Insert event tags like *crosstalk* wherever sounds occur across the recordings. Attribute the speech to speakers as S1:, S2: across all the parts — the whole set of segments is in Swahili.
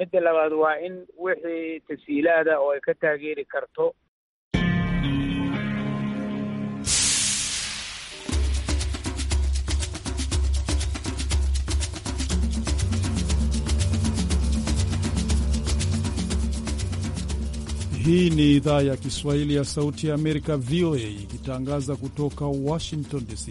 S1: midda labaad waa in wixii tasiilaada oo ay ka taageeri karto.
S2: Hii ni idhaa ya Kiswahili ya Sauti ya Amerika, VOA, ikitangaza kutoka Washington DC.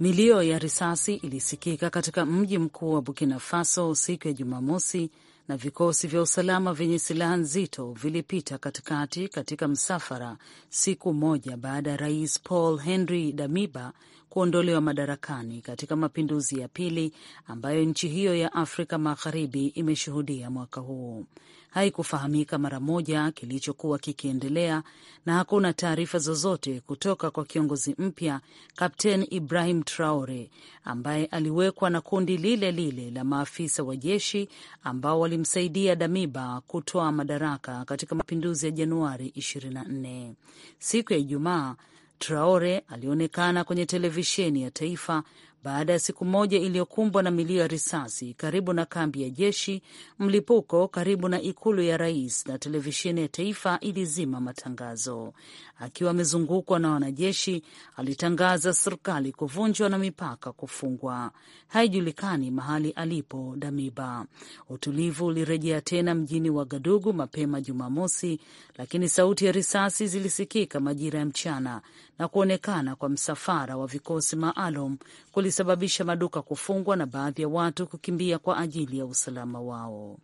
S3: Milio ya risasi ilisikika katika mji mkuu wa Burkina Faso siku ya Jumamosi, na vikosi vya usalama vyenye silaha nzito vilipita katikati katika msafara siku moja baada ya rais Paul Henri Damiba kuondolewa madarakani katika mapinduzi ya pili ambayo nchi hiyo ya Afrika Magharibi imeshuhudia mwaka huu haikufahamika mara moja kilichokuwa kikiendelea, na hakuna taarifa zozote kutoka kwa kiongozi mpya Kapten Ibrahim Traore ambaye aliwekwa na kundi lile lile la maafisa wa jeshi ambao walimsaidia Damiba kutoa madaraka katika mapinduzi ya Januari 24. Siku ya Ijumaa Traore alionekana kwenye televisheni ya taifa baada ya siku moja iliyokumbwa na milio ya risasi karibu na kambi ya jeshi, mlipuko karibu na ikulu ya rais, na televisheni ya taifa ilizima matangazo. Akiwa amezungukwa na wanajeshi, alitangaza serikali kuvunjwa na mipaka kufungwa. Haijulikani mahali alipo Damiba. Utulivu ulirejea tena mjini Wagadugu mapema Jumamosi, lakini sauti ya risasi zilisikika majira ya mchana na kuonekana kwa msafara wa vikosi maalum kulisababisha maduka kufungwa na baadhi ya watu kukimbia kwa ajili ya usalama wao.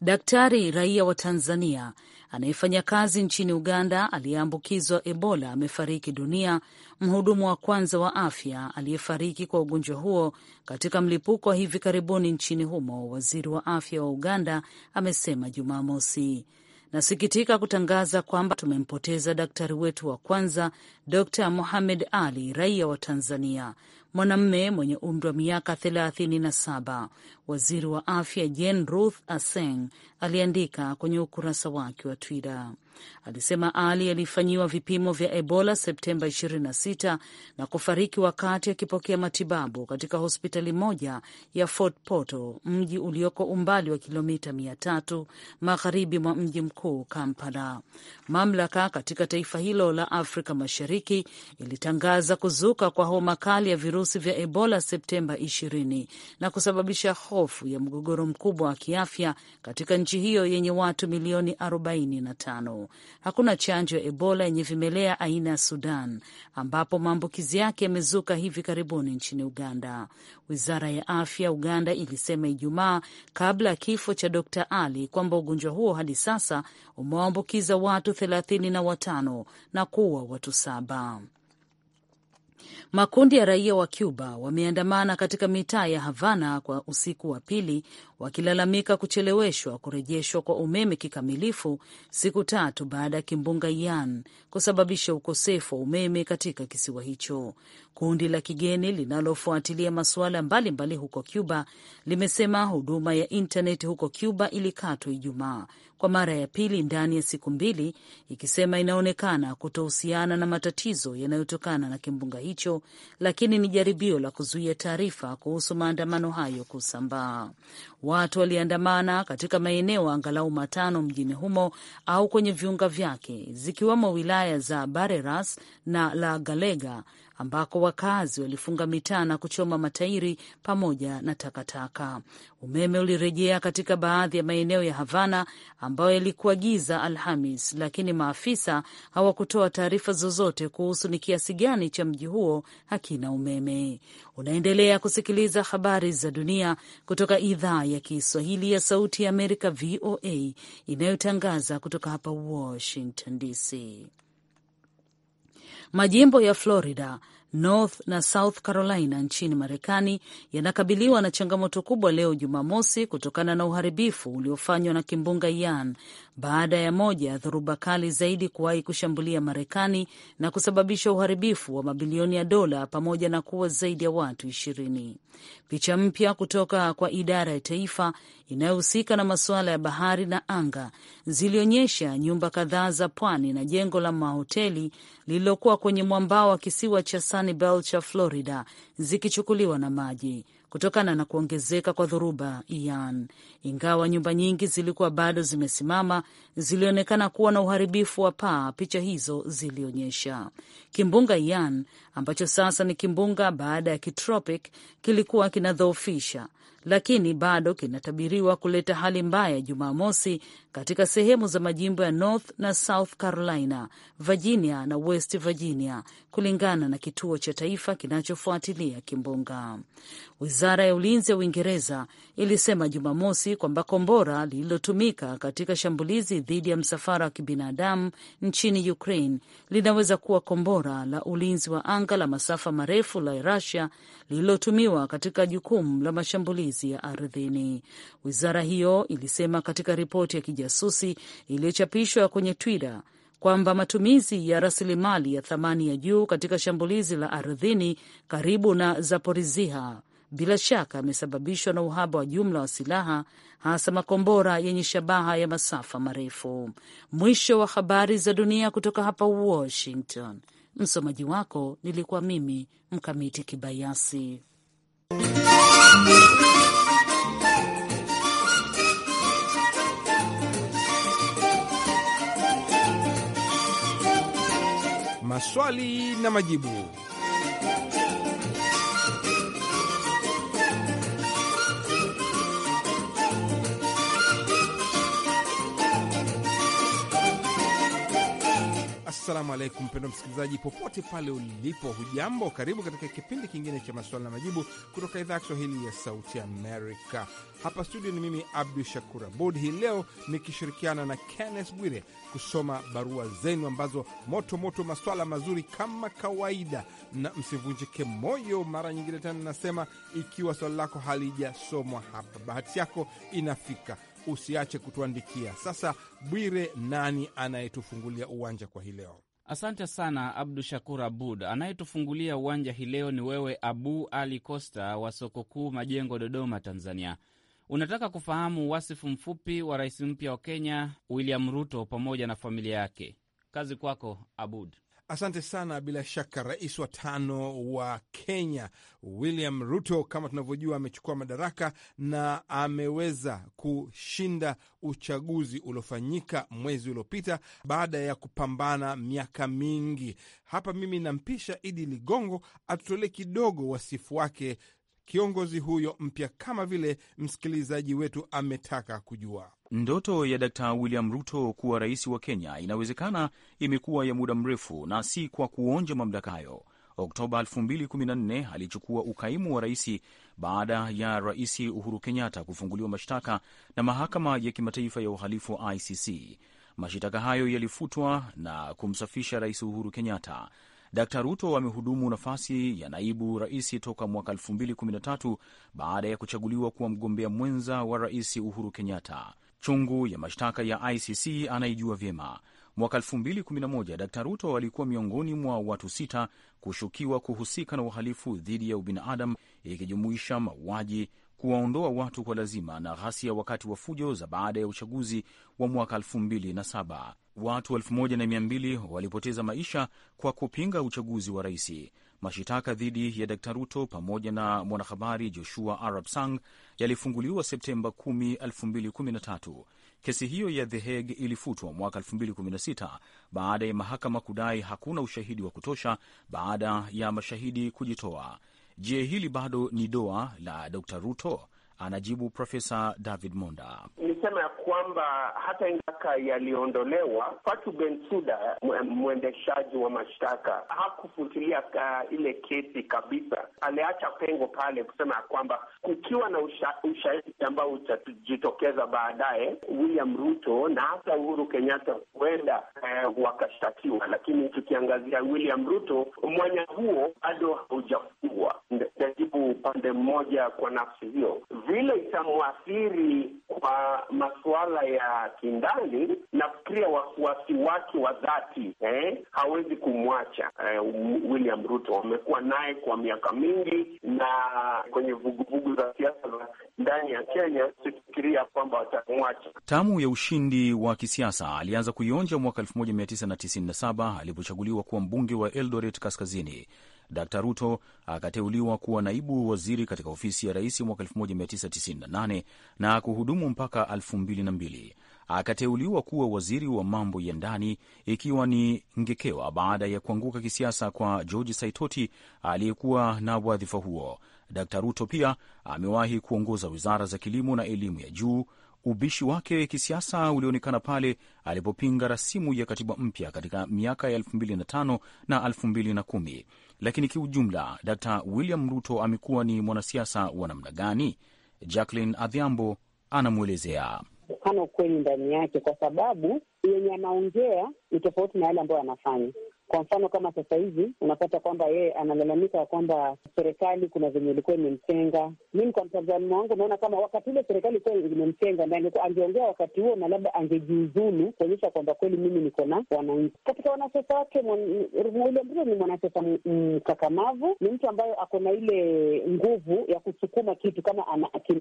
S3: Daktari raia wa Tanzania anayefanya kazi nchini Uganda aliyeambukizwa Ebola amefariki dunia, mhudumu wa kwanza wa afya aliyefariki kwa ugonjwa huo katika mlipuko wa hivi karibuni nchini humo, waziri wa afya wa Uganda amesema Jumamosi. Nasikitika kutangaza kwamba tumempoteza daktari wetu wa kwanza, Dr muhamed Ali, raia wa Tanzania, mwanamme mwenye umri wa miaka 37. Waziri wa afya Jane Ruth Aseng aliandika kwenye ukurasa wake wa Twitter. Alisema Ali alifanyiwa vipimo vya Ebola Septemba 26 na kufariki wakati akipokea matibabu katika hospitali moja ya Fort Portal, mji ulioko umbali wa kilomita 300 magharibi mwa mji mkuu Kampala. Mamlaka katika taifa hilo la Afrika Mashariki ilitangaza kuzuka kwa homa kali ya virusi vya Ebola Septemba 20 na kusababisha hofu ya mgogoro mkubwa wa kiafya katika nchi hiyo yenye watu milioni 45. Hakuna chanjo ya Ebola yenye vimelea aina ya Sudan, ambapo maambukizi yake yamezuka hivi karibuni nchini Uganda. Wizara ya afya Uganda ilisema Ijumaa kabla ya kifo cha Dr Ali kwamba ugonjwa huo hadi sasa umewaambukiza watu thelathini na watano na kuua watu saba. Makundi ya raia wa Cuba wameandamana katika mitaa ya Havana kwa usiku wa pili wakilalamika kucheleweshwa kurejeshwa kwa umeme kikamilifu siku tatu baada ya kimbunga Yan kusababisha ukosefu wa umeme katika kisiwa hicho. Kundi la kigeni linalofuatilia masuala mbalimbali huko Cuba limesema huduma ya intaneti huko Cuba ilikatwa Ijumaa kwa mara ya pili ndani ya siku mbili, ikisema inaonekana kutohusiana na matatizo yanayotokana na kimbunga hicho, lakini ni jaribio la kuzuia taarifa kuhusu maandamano hayo kusambaa. Watu waliandamana katika maeneo angalau matano mjini humo au kwenye viunga vyake, zikiwemo wilaya za Bareras na La Galega ambako wakazi walifunga mitaa na kuchoma matairi pamoja na takataka. Umeme ulirejea katika baadhi ya maeneo ya Havana ambayo yalikuwa giza Alhamis, lakini maafisa hawakutoa taarifa zozote kuhusu ni kiasi gani cha mji huo hakina umeme. Unaendelea kusikiliza habari za dunia kutoka idhaa ya Kiswahili ya Sauti ya Amerika, VOA, inayotangaza kutoka hapa Washington DC. Majimbo ya Florida, North na South Carolina nchini Marekani yanakabiliwa na changamoto kubwa leo Jumamosi kutokana na uharibifu uliofanywa na kimbunga Ian baada ya moja ya dhoruba kali zaidi kuwahi kushambulia Marekani na kusababisha uharibifu wa mabilioni ya dola pamoja na kuwa zaidi ya watu ishirini. Picha mpya kutoka kwa idara ya taifa inayohusika na masuala ya bahari na anga zilionyesha nyumba kadhaa za pwani na jengo la mahoteli lililokuwa kwenye mwambao wa kisiwa cha Sanibel cha Florida zikichukuliwa na maji kutokana na kuongezeka kwa dhoruba Ian. Ingawa nyumba nyingi zilikuwa bado zimesimama, zilionekana kuwa na uharibifu wa paa, picha hizo zilionyesha. Kimbunga Ian ambacho sasa ni kimbunga baada ya kitropic kilikuwa kinadhoofisha lakini bado kinatabiriwa kuleta hali mbaya Jumamosi katika sehemu za majimbo ya North na South Carolina, Virginia na West Virginia, kulingana na kituo cha taifa kinachofuatilia kimbunga. Wizara ya ulinzi ya Uingereza ilisema Jumamosi kwamba kombora lililotumika katika shambulizi dhidi ya msafara wa kibinadamu nchini Ukraine linaweza kuwa kombora la ulinzi wa anga la masafa marefu la Rusia lililotumiwa katika jukumu la mashambulizi matumizi ya ardhini. Wizara hiyo ilisema katika ripoti ya kijasusi iliyochapishwa kwenye Twitter kwamba matumizi ya rasilimali ya thamani ya juu katika shambulizi la ardhini karibu na Zaporizhia bila shaka yamesababishwa na uhaba wa jumla wa silaha hasa makombora yenye shabaha ya masafa marefu. Mwisho wa habari za dunia kutoka hapa Washington. Msomaji wako nilikuwa mimi Mkamiti Kibayasi.
S4: maswali na majibu. Assalamu alaikum, mpendo msikilizaji popote pale ulipo, hujambo? Karibu katika kipindi kingine cha maswali na majibu kutoka idhaa ya Kiswahili ya Sauti Amerika. Hapa studio ni mimi Abdu Shakur Abud, hii leo nikishirikiana na Kenneth Bwire kusoma barua zenu ambazo moto moto, maswala mazuri kama kawaida, na msivunjike moyo. Mara nyingine tena nasema, ikiwa swali lako halijasomwa hapa, bahati yako inafika usiache kutuandikia. Sasa Bwire, nani anayetufungulia uwanja kwa hii leo?
S5: Asante sana Abdu Shakur Abud. Anayetufungulia uwanja hii leo ni wewe Abu Ali Costa wa soko kuu Majengo, Dodoma, Tanzania. Unataka kufahamu wasifu mfupi wa rais mpya wa Kenya William Ruto pamoja na familia yake. Kazi kwako Abud.
S4: Asante sana. Bila shaka rais wa tano wa Kenya William Ruto, kama tunavyojua, amechukua madaraka na ameweza kushinda uchaguzi uliofanyika mwezi uliopita baada ya kupambana miaka mingi. Hapa mimi nampisha Idi Ligongo atutolee kidogo wasifu wake kiongozi huyo mpya, kama vile msikilizaji wetu ametaka kujua.
S1: Ndoto ya Dkt. William Ruto kuwa rais wa Kenya inawezekana imekuwa ya muda mrefu na si kwa kuonja mamlaka hayo. Oktoba 2014 alichukua ukaimu wa raisi baada ya Rais Uhuru Kenyatta kufunguliwa mashtaka na mahakama ya kimataifa ya uhalifu ICC. Mashitaka hayo yalifutwa na kumsafisha Rais Uhuru Kenyatta. Dkt Ruto amehudumu nafasi ya naibu rais toka mwaka 2013 baada ya kuchaguliwa kuwa mgombea mwenza wa Rais Uhuru Kenyatta. Chungu ya mashtaka ya ICC anaijua vyema. Mwaka 2011 Dkt Ruto alikuwa miongoni mwa watu sita kushukiwa kuhusika na uhalifu dhidi ya ubinadamu ikijumuisha mauaji, kuwaondoa watu kwa lazima na ghasia wakati wa fujo za baada ya uchaguzi wa mwaka 2007 watu 1200 walipoteza maisha kwa kupinga uchaguzi wa raisi Mashitaka dhidi ya d Ruto pamoja na mwanahabari Joshua Arab Sang yalifunguliwa Septemba 10, 2013. Kesi hiyo ya The Hague ilifutwa mwaka 2016 baada ya mahakama kudai hakuna ushahidi wa kutosha baada ya mashahidi kujitoa. Je, hili bado ni doa la d Ruto? Anajibu Profesa David Monda.
S6: Nisema ya kwamba hata ingaka yaliondolewa, fatu bensuda mwendeshaji wa mashtaka hakufutilia uh, ile kesi kabisa, aliacha pengo pale kusema ya kwamba kukiwa na ushahidi ambao utajitokeza baadaye, William Ruto na hata Uhuru Kenyatta huenda eh, wakashtakiwa, lakini tukiangazia William Ruto, mwanya huo bado kujaribu upande mmoja kwa nafsi hiyo, vile itamwathiri kwa masuala ya kindani. Nafikiria wafuasi wake wa dhati eh, hawezi kumwacha eh, William Ruto. Wamekuwa naye kwa miaka mingi na kwenye vuguvugu za siasa za ndani ya Kenya, sifikiria kwamba watamwacha.
S1: Tamu ya ushindi wa kisiasa alianza kuionja mwaka 1997 alipochaguliwa kuwa mbunge wa Eldoret Kaskazini d Ruto akateuliwa kuwa naibu waziri katika ofisi ya rais mwaka 1998 na kuhudumu mpaka 2002. Akateuliwa kuwa waziri wa mambo ya ndani, ikiwa ni ngekewa baada ya kuanguka kisiasa kwa George Saitoti aliyekuwa na wadhifa huo. d Ruto pia amewahi kuongoza wizara za kilimo na elimu ya juu Ubishi wake kisiasa ulionekana pale alipopinga rasimu ya katiba mpya katika miaka ya 2005 na 2010. Lakini kiujumla, Dr William Ruto amekuwa ni mwanasiasa wa namna gani? Jacqueline Adhiambo anamwelezea.
S5: Hana ukweli ndani yake, kwa sababu yenye anaongea ni tofauti na yale ambayo anafanya. Kwa mfano kama sasa hivi unapata kwamba yeye analalamika kwamba serikali kuna venye ilikuwa imemtenga. Mimi kwa mtazamo wangu naona kama wakati ule serikali ilikuwa imemtenga, na angeongea wakati huo na labda angejiuzulu kuonyesha kwamba kweli mimi niko na wananchi. Katika wanasiasa wake, William Ruto ni mwanasiasa mkakamavu, ni mtu ambayo ako na ile nguvu ya kusukuma kitu kama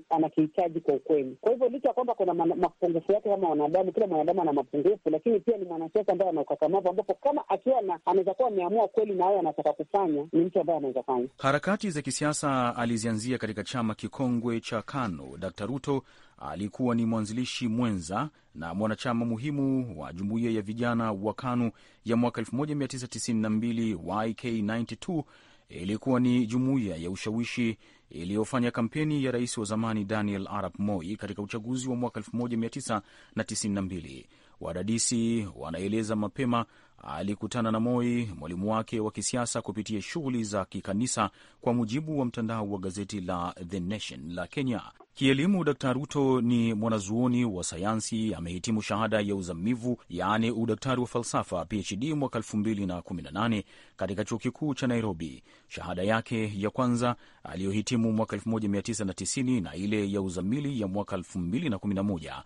S5: anakihitaji kwa ukweli. Kwa hivyo licha ya kwamba kuna mapungufu yake kama wanadamu, kila mwanadamu ana mapungufu, lakini pia ni mwanasiasa ambaye ana ukakamavu, ambapo kama akiwa na anaweza kuwa ameamua kweli na yeye anataka
S6: kufanya, ni mtu ambaye anaweza fanya.
S1: Harakati za kisiasa alizianzia katika chama kikongwe cha KANU. Dkt. Ruto alikuwa ni mwanzilishi mwenza na mwanachama muhimu wa jumuiya ya vijana wa KANU ya mwaka 1992 YK92 ilikuwa ni jumuiya ya ushawishi iliyofanya kampeni ya rais wa zamani Daniel Arap Moi katika uchaguzi wa mwaka 1992. Wadadisi wanaeleza mapema alikutana na Moi, mwalimu wake wa kisiasa, kupitia shughuli za kikanisa, kwa mujibu wa mtandao wa gazeti la The Nation la Kenya. Kielimu, Dr Ruto ni mwanazuoni wa sayansi, amehitimu shahada ya uzamivu yaani udaktari wa falsafa PhD mwaka 2018 katika chuo kikuu cha Nairobi. Shahada yake ya kwanza aliyohitimu mwaka 1990 na ile ya uzamili ya mwaka 2011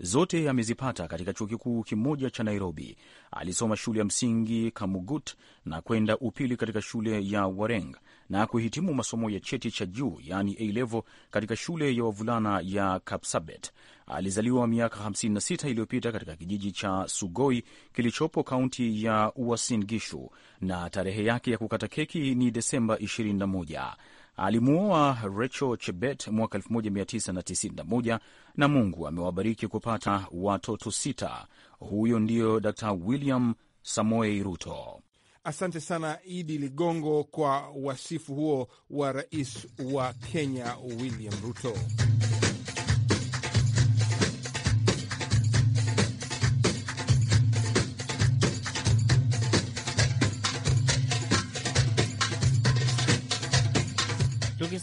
S1: zote amezipata katika chuo kikuu kimoja cha Nairobi. Alisoma shule ya msingi Kamugut na kwenda upili katika shule ya Wareng na kuhitimu masomo ya cheti cha juu yaani A-level katika shule ya wavulana ya Kapsabet. Alizaliwa miaka 56 iliyopita katika kijiji cha Sugoi kilichopo kaunti ya Uasin Gishu, na tarehe yake ya kukata keki ni Desemba 21. Alimuoa Rachel Chebet mwaka 1991 na Mungu amewabariki kupata watoto sita. Huyo ndiyo Dr. William Samoei Ruto.
S4: Asante sana Idi Ligongo kwa wasifu huo wa rais wa Kenya William Ruto.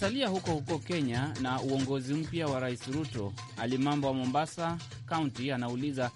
S5: Tunasalia huko huko Kenya na uongozi mpya wa Rais Ruto. Alimambo wa Mombasa Kaunti anauliza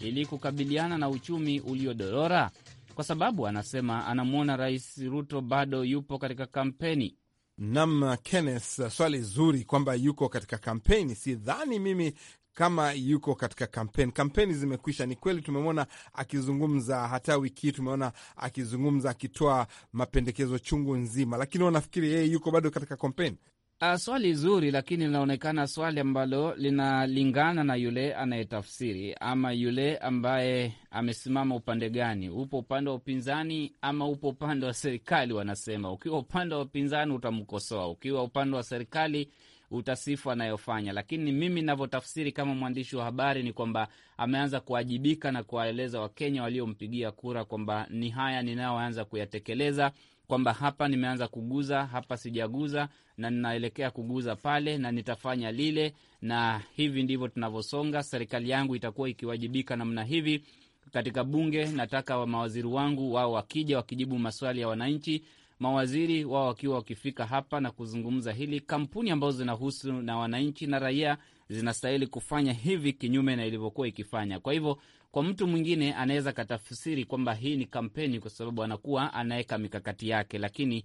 S5: ili kukabiliana na uchumi uliodorora, kwa sababu anasema anamwona Rais Ruto
S4: bado yupo katika kampeni. Nam Kenneth, swali zuri kwamba yuko katika kampeni. Sidhani mimi kama yuko katika kampeni. Kampeni zimekwisha, ni kweli. Tumemwona akizungumza, hata wiki hii tumeona akizungumza, akitoa mapendekezo chungu nzima, lakini wanafikiri yeye yuko bado katika kampeni.
S5: Ah, swali zuri, lakini linaonekana swali ambalo linalingana na yule anayetafsiri ama yule ambaye amesimama upande gani. Upo upande wa upinzani ama upo upande wa serikali? Wanasema ukiwa upande wa upinzani utamkosoa, ukiwa upande wa serikali utasifu anayofanya, lakini mimi navyotafsiri kama mwandishi wa habari ni kwamba ameanza kuwajibika na kuwaeleza Wakenya waliompigia kura kwamba ni haya ninayoanza kuyatekeleza kwamba hapa nimeanza kuguza hapa, sijaguza na ninaelekea kuguza pale, na nitafanya lile, na hivi ndivyo tunavyosonga. Serikali yangu itakuwa ikiwajibika namna hivi. Katika bunge nataka wa mawaziri wangu wao wakija, wakijibu maswali ya wananchi, mawaziri wao wakiwa wakifika hapa na kuzungumza hili. Kampuni ambazo zinahusu na wananchi na raia zinastahili kufanya hivi, kinyume na ilivyokuwa ikifanya. Kwa hivyo, kwa mtu mwingine anaweza katafsiri kwamba hii ni kampeni, kwa sababu anakuwa anaweka mikakati yake, lakini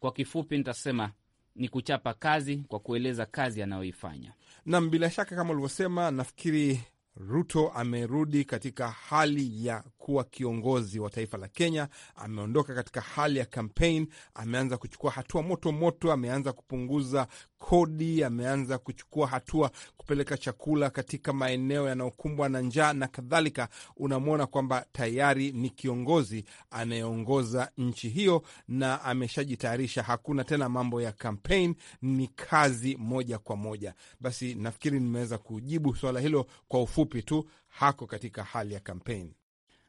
S5: kwa kifupi nitasema ni kuchapa kazi kwa kueleza kazi anayoifanya.
S4: Nam, bila shaka kama ulivyosema, nafikiri Ruto amerudi katika hali ya kuwa kiongozi wa taifa la Kenya. Ameondoka katika hali ya kampein ameanza kuchukua hatua moto moto, ameanza kupunguza kodi, ameanza kuchukua hatua kupeleka chakula katika maeneo yanayokumbwa na njaa na kadhalika. Unamwona kwamba tayari ni kiongozi anayeongoza nchi hiyo na ameshajitayarisha. Hakuna tena mambo ya kampeni, ni kazi moja kwa moja. Basi nafikiri nimeweza kujibu swala hilo kwa ufupi tu. Hako katika hali ya kampeni.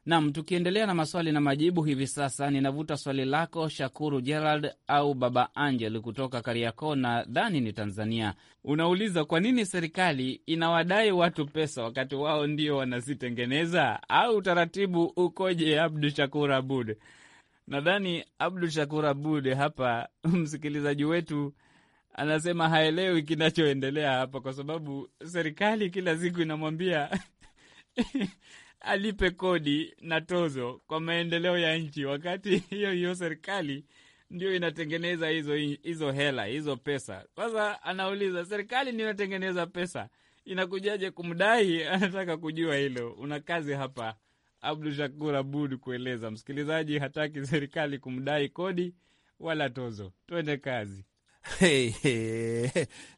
S5: Nam, tukiendelea na maswali na majibu hivi sasa, ninavuta swali lako Shakuru Gerald au Baba Angel kutoka Kariakoo, nadhani ni Tanzania. Unauliza, kwa nini serikali inawadai watu pesa wakati wao ndio wanazitengeneza, au utaratibu ukoje? Abdu Shakur Abud, nadhani Abdu Shakur Abud hapa *laughs* msikilizaji wetu anasema haelewi kinachoendelea hapa, kwa sababu serikali kila siku inamwambia *laughs* alipe kodi na tozo kwa maendeleo ya nchi, wakati *laughs* hiyo hiyo serikali ndio inatengeneza hizo hizo hela hizo pesa. Sasa anauliza serikali ndio inatengeneza pesa, inakujaje kumdai? *laughs* Anataka kujua hilo. Una kazi hapa, Abdu Shakur Abud, kueleza msikilizaji hataki serikali kumdai kodi wala tozo. Twende kazi.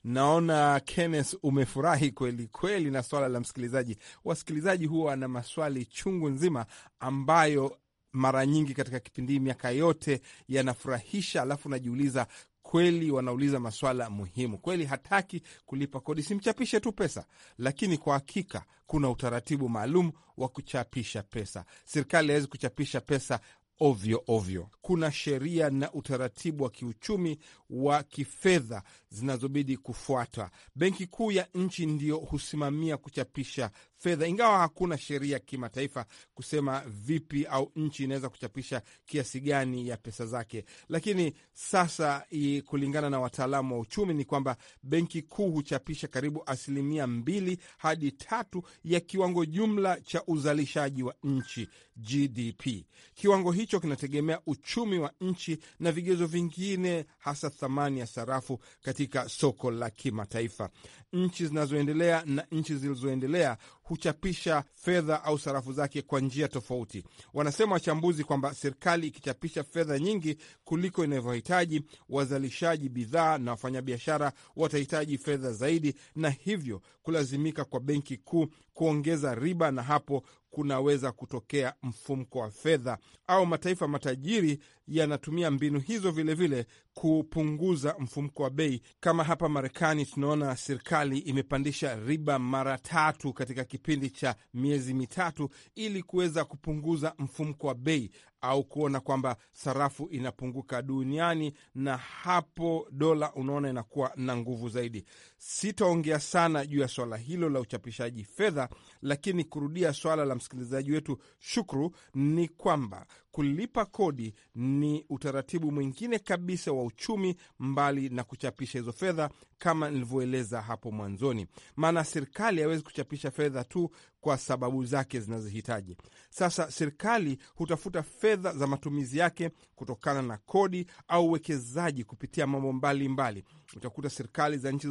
S4: Naona Kennes umefurahi kweli kweli na swala la msikilizaji. Wasikilizaji huwa wana maswali chungu nzima ambayo mara nyingi katika kipindi hii miaka yote yanafurahisha, alafu najiuliza kweli wanauliza maswala muhimu kweli. Hataki kulipa kodi, simchapishe tu pesa, lakini kwa hakika kuna utaratibu maalum wa kuchapisha pesa. Serikali haiwezi kuchapisha pesa ovyo ovyo. Kuna sheria na utaratibu wa kiuchumi wa kifedha zinazobidi kufuatwa. Benki Kuu ya nchi ndiyo husimamia kuchapisha fedha, ingawa hakuna sheria ya kimataifa kusema vipi au nchi inaweza kuchapisha kiasi gani ya pesa zake. Lakini sasa, kulingana na wataalamu wa uchumi, ni kwamba benki kuu huchapisha karibu asilimia mbili hadi tatu ya kiwango jumla cha uzalishaji wa nchi GDP. Kiwango hicho kinategemea uchumi wa nchi na vigezo vingine hasa thamani ya sarafu katika soko la kimataifa. Nchi zinazoendelea na nchi zilizoendelea huchapisha fedha au sarafu zake kwa njia tofauti. Wanasema wachambuzi kwamba serikali ikichapisha fedha nyingi kuliko inavyohitaji, wazalishaji bidhaa na wafanyabiashara watahitaji fedha zaidi, na hivyo kulazimika kwa benki kuu kuongeza riba, na hapo kunaweza kutokea mfumko wa fedha, au mataifa matajiri yanatumia mbinu hizo vilevile vile kupunguza mfumko wa bei. Kama hapa Marekani tunaona serikali imepandisha riba mara tatu katika kipindi cha miezi mitatu ili kuweza kupunguza mfumko wa bei au kuona kwamba sarafu inapunguka duniani, na hapo dola unaona inakuwa na nguvu zaidi. Sitaongea sana juu ya swala hilo la uchapishaji fedha, lakini kurudia swala la msikilizaji wetu Shukru ni kwamba kulipa kodi ni utaratibu mwingine kabisa wa uchumi, mbali na kuchapisha hizo fedha kama nilivyoeleza hapo mwanzoni, maana serikali haiwezi kuchapisha fedha tu kwa sababu zake zinazohitaji. Sasa serikali hutafuta fedha za matumizi yake kutokana na kodi au uwekezaji kupitia mambo mbalimbali. Utakuta serikali za nchi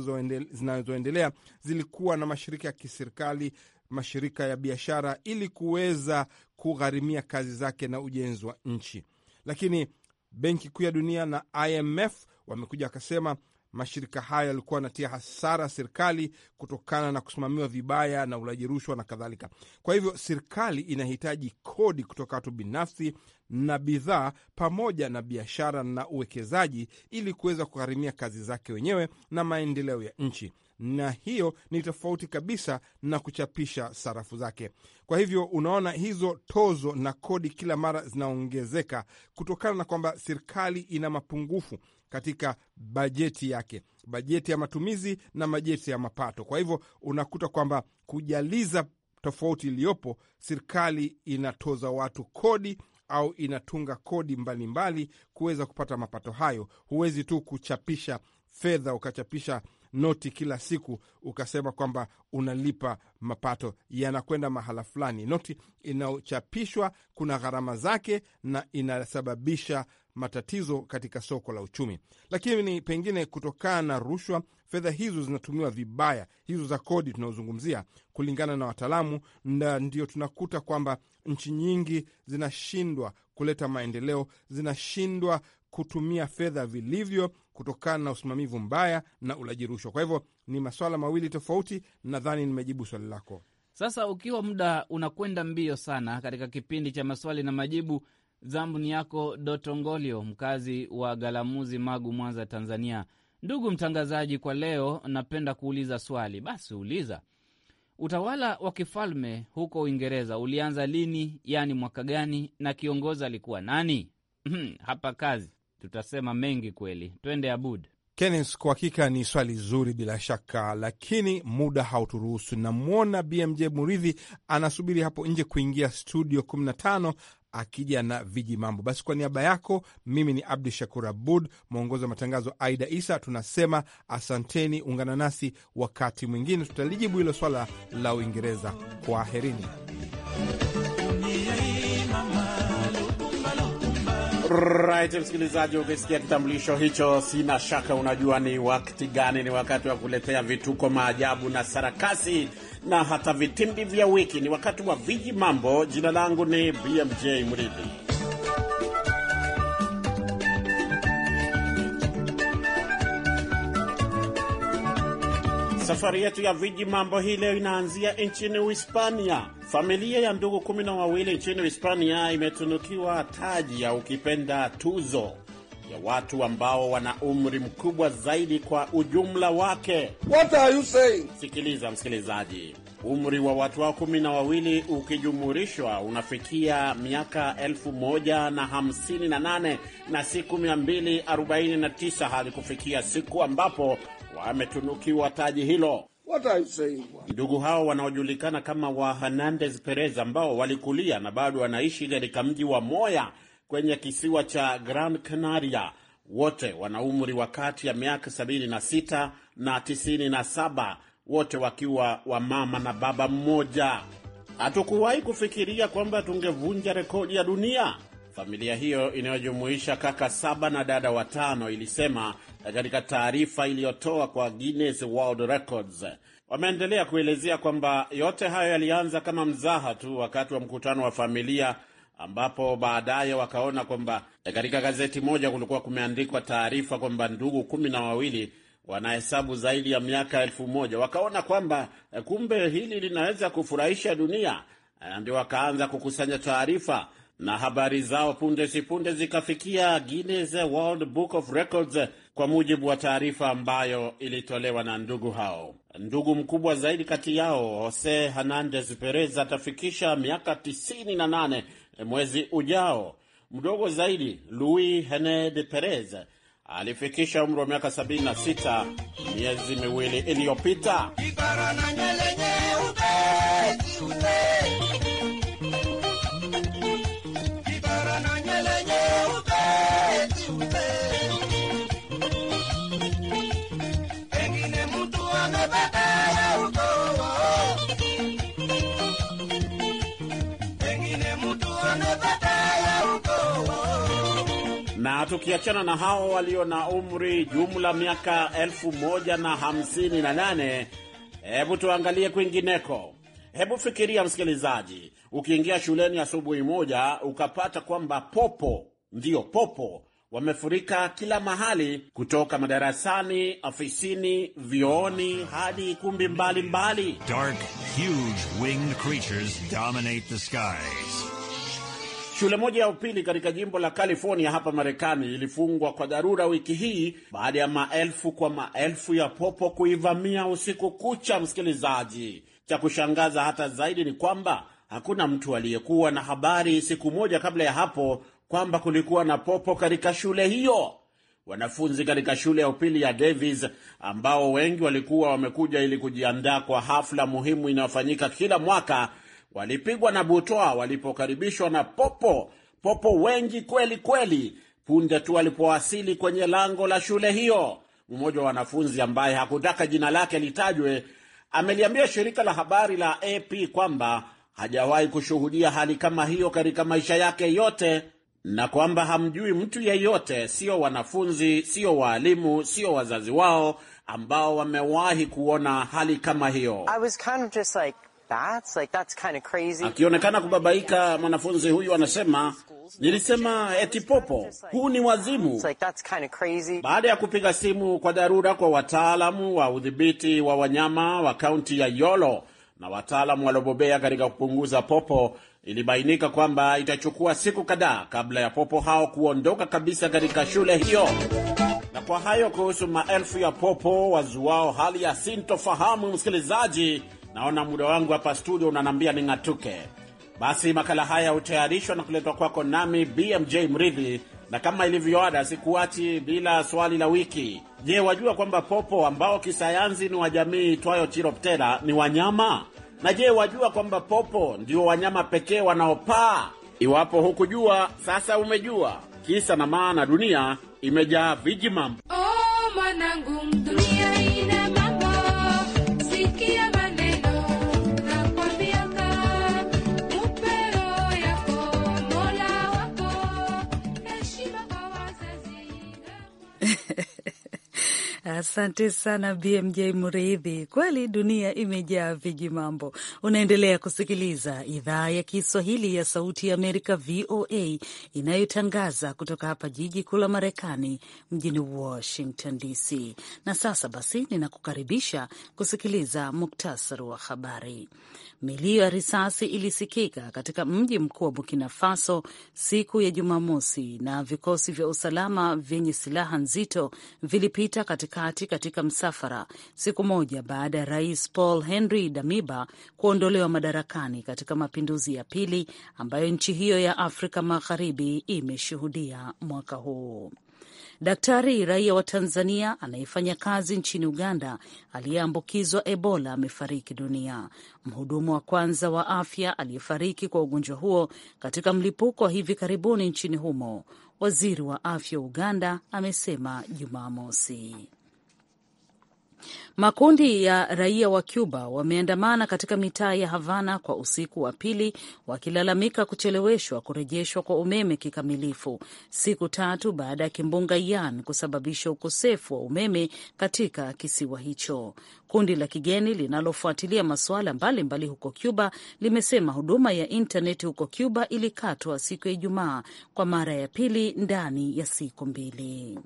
S4: zinazoendelea zilikuwa na mashirika ya kiserikali, mashirika ya biashara, ili kuweza kugharimia kazi zake na ujenzi wa nchi, lakini Benki Kuu ya Dunia na IMF wamekuja wakasema Mashirika hayo yalikuwa yanatia hasara serikali kutokana na kusimamiwa vibaya na ulaji rushwa na kadhalika. Kwa hivyo serikali inahitaji kodi kutoka watu binafsi na bidhaa pamoja na biashara na uwekezaji ili kuweza kugharimia kazi zake wenyewe na maendeleo ya nchi, na hiyo ni tofauti kabisa na kuchapisha sarafu zake. Kwa hivyo unaona hizo tozo na kodi kila mara zinaongezeka kutokana na kwamba serikali ina mapungufu katika bajeti yake, bajeti ya matumizi na bajeti ya mapato. Kwa hivyo unakuta kwamba kujaliza tofauti iliyopo, serikali inatoza watu kodi au inatunga kodi mbalimbali kuweza kupata mapato hayo. Huwezi tu kuchapisha fedha ukachapisha noti kila siku, ukasema kwamba unalipa mapato yanakwenda mahala fulani. Noti inayochapishwa kuna gharama zake na inasababisha matatizo katika soko la uchumi. Lakini pengine kutokana na rushwa, fedha hizo zinatumiwa vibaya, hizo za kodi tunazozungumzia, kulingana na wataalamu, na ndio tunakuta kwamba nchi nyingi zinashindwa kuleta maendeleo, zinashindwa kutumia fedha vilivyo kutokana na usimamizi mbaya na ulaji rushwa. Kwa hivyo ni maswala mawili tofauti. Nadhani nimejibu swali lako.
S5: Sasa ukiwa muda unakwenda mbio sana katika kipindi cha maswali na majibu, zamu ni yako Doto Ngolio, mkazi wa Galamuzi, Magu, Mwanza, Tanzania. Ndugu mtangazaji, kwa leo napenda kuuliza swali. Basi uliza. Utawala wa kifalme huko Uingereza ulianza lini, yaani mwaka gani, na kiongozi alikuwa nani? Hmm, hapa kazi tutasema mengi kweli. Twende Abud.
S4: Kenneth, kwa hakika ni swali zuri bila shaka, lakini muda hauturuhusu. Namwona BMJ Muridhi anasubiri hapo nje kuingia studio 15 akija na viji mambo. Basi kwa niaba yako, mimi ni Abdu Shakur Abud, mwongozi wa matangazo Aida Isa, tunasema asanteni. Ungana nasi wakati mwingine, tutalijibu hilo swala la Uingereza. Kwaherini.
S6: Right, msikilizaji, ukisikia kitambulisho hicho, sina shaka unajua ni wakati gani. Ni wakati wa kuletea vituko, maajabu na sarakasi na hata vitimbi vya wiki. Ni wakati wa viji mambo. Jina langu ni BMJ Mridhi. Safari yetu ya viji mambo hii leo inaanzia nchini Uhispania. Familia ya ndugu kumi na wawili nchini Uhispania imetunukiwa taji ya ukipenda tuzo ya watu ambao wana umri mkubwa zaidi kwa ujumla wake. What are you saying? Sikiliza msikilizaji, umri wa watu hao kumi na wawili ukijumurishwa unafikia miaka elfu moja na hamsini na nane na siku mia mbili arobaini na tisa hadi kufikia siku ambapo ametunukiwa taji hilo. Ndugu hao wanaojulikana kama wa Hernandez Perez ambao walikulia na bado wanaishi katika mji wa Moya kwenye kisiwa cha Gran Canaria wote wana umri wa kati ya miaka 76 na 97, wote wakiwa wa mama na baba mmoja. Hatukuwahi kufikiria kwamba tungevunja rekodi ya dunia, Familia hiyo inayojumuisha kaka saba na dada watano ilisema katika taarifa iliyotoa kwa Guinness World Records. Wameendelea kuelezea kwamba yote hayo yalianza kama mzaha tu wakati wa mkutano wa familia, ambapo baadaye wakaona kwamba katika gazeti moja kulikuwa kumeandikwa taarifa kwamba ndugu kumi na wawili wanahesabu zaidi ya miaka elfu moja. Wakaona kwamba kumbe hili linaweza kufurahisha dunia, ndio wakaanza kukusanya taarifa na habari zao punde si punde zikafikia Guinness World Book of Records kwa mujibu wa taarifa ambayo ilitolewa na ndugu hao. Ndugu mkubwa zaidi kati yao Jose Hernandez Perez atafikisha miaka 98 mwezi ujao. Mdogo zaidi Luis Hened Perez alifikisha umri wa miaka 76 miezi miwili iliyopita. tukiachana na hao walio na umri jumla miaka elfu moja na hamsini na nane, hebu tuangalie kwingineko. Hebu fikiria msikilizaji, ukiingia shuleni asubuhi moja ukapata kwamba popo, ndiyo popo wamefurika kila mahali, kutoka madarasani, ofisini, vyooni hadi kumbi mbalimbali mbali. Dark huge winged creatures dominate the Shule moja ya upili katika jimbo la California hapa Marekani ilifungwa kwa dharura wiki hii baada ya maelfu kwa maelfu ya popo kuivamia usiku kucha. Msikilizaji, cha kushangaza hata zaidi ni kwamba hakuna mtu aliyekuwa na habari siku moja kabla ya hapo kwamba kulikuwa na popo katika shule hiyo. Wanafunzi katika shule ya upili ya Davis ambao wengi walikuwa wamekuja ili kujiandaa kwa hafla muhimu inayofanyika kila mwaka Walipigwa na butoa walipokaribishwa na popo popo, wengi kweli kweli, punde tu walipowasili kwenye lango la shule hiyo. Mmoja wa wanafunzi ambaye hakutaka jina lake litajwe ameliambia shirika la habari la AP kwamba hajawahi kushuhudia hali kama hiyo katika maisha yake yote na kwamba hamjui mtu yeyote, sio wanafunzi, sio waalimu, sio wazazi wao ambao wamewahi kuona hali kama hiyo.
S2: I was kind of just like... That's like, that's kind of crazy.
S6: Akionekana kubabaika, mwanafunzi huyu anasema nilisema, eti popo huu ni wazimu. Like,
S2: that's kind of crazy.
S6: Baada ya kupiga simu kwa dharura kwa wataalamu wa udhibiti wa wanyama wa kaunti ya Yolo na wataalamu waliobobea katika kupunguza popo, ilibainika kwamba itachukua siku kadhaa kabla ya popo hao kuondoka kabisa katika shule hiyo. Na kwa hayo kuhusu maelfu ya popo wazuao hali ya sintofahamu, msikilizaji Naona muda wangu hapa studio unanambia ning'atuke. Basi makala haya hutayarishwa na kuletwa kwako nami BMJ Mridhi, na kama ilivyoada, sikuachi bila swali la wiki. Je, wajua kwamba popo ambao kisayansi ni wa jamii itwayo Chiroptera ni wanyama? Na je, wajua kwamba popo ndio wanyama pekee wanaopaa? Iwapo hukujua, sasa umejua. Kisa na maana, dunia imejaa vijimambo.
S5: Oh, manangu
S3: Asante sana BMJ Mridhi, kweli dunia imejaa viji mambo. Unaendelea kusikiliza idhaa ya Kiswahili ya Sauti ya Amerika, VOA, inayotangaza kutoka hapa jiji kuu la Marekani, mjini Washington DC. Na sasa basi, ninakukaribisha kusikiliza muktasari wa habari. Milio ya risasi ilisikika katika mji mkuu wa Burkina Faso siku ya Jumamosi, na vikosi vya usalama vyenye silaha nzito vilipita katika kati katika msafara siku moja baada ya rais Paul Henry Damiba kuondolewa madarakani katika mapinduzi ya pili ambayo nchi hiyo ya Afrika Magharibi imeshuhudia mwaka huu. Daktari raia wa Tanzania anayefanya kazi nchini Uganda aliyeambukizwa Ebola amefariki dunia. Mhudumu wa kwanza wa afya aliyefariki kwa ugonjwa huo katika mlipuko wa hivi karibuni nchini humo, waziri wa afya wa Uganda amesema Jumamosi. Makundi ya raia wa Cuba wameandamana katika mitaa ya Havana kwa usiku wa pili wakilalamika kucheleweshwa kurejeshwa kwa umeme kikamilifu, siku tatu baada ya kimbunga Yan kusababisha ukosefu wa umeme katika kisiwa hicho. Kundi la kigeni linalofuatilia masuala mbalimbali huko Cuba limesema huduma ya intaneti huko Cuba ilikatwa siku ya Ijumaa kwa mara ya pili ndani ya siku mbili.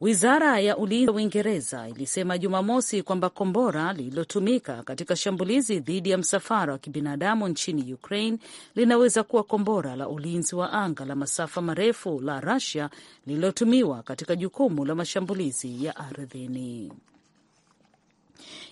S3: Wizara ya ulinzi ya Uingereza ilisema Jumamosi kwamba kombora lililotumika katika shambulizi dhidi ya msafara wa kibinadamu nchini Ukraine linaweza kuwa kombora la ulinzi wa anga la masafa marefu la rasia lililotumiwa katika jukumu la mashambulizi ya ardhini.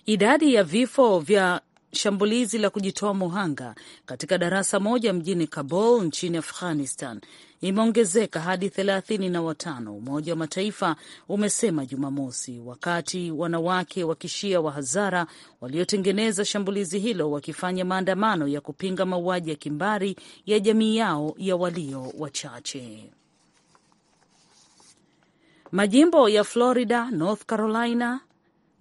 S3: Idadi ya vifo vya shambulizi la kujitoa muhanga katika darasa moja mjini Kabul nchini Afghanistan imeongezeka hadi thelathini na watano, Umoja wa Mataifa umesema Jumamosi, wakati wanawake wa kishia wa Hazara waliotengeneza shambulizi hilo wakifanya maandamano ya kupinga mauaji ya kimbari ya jamii yao ya walio wachache. Majimbo ya Florida, North Carolina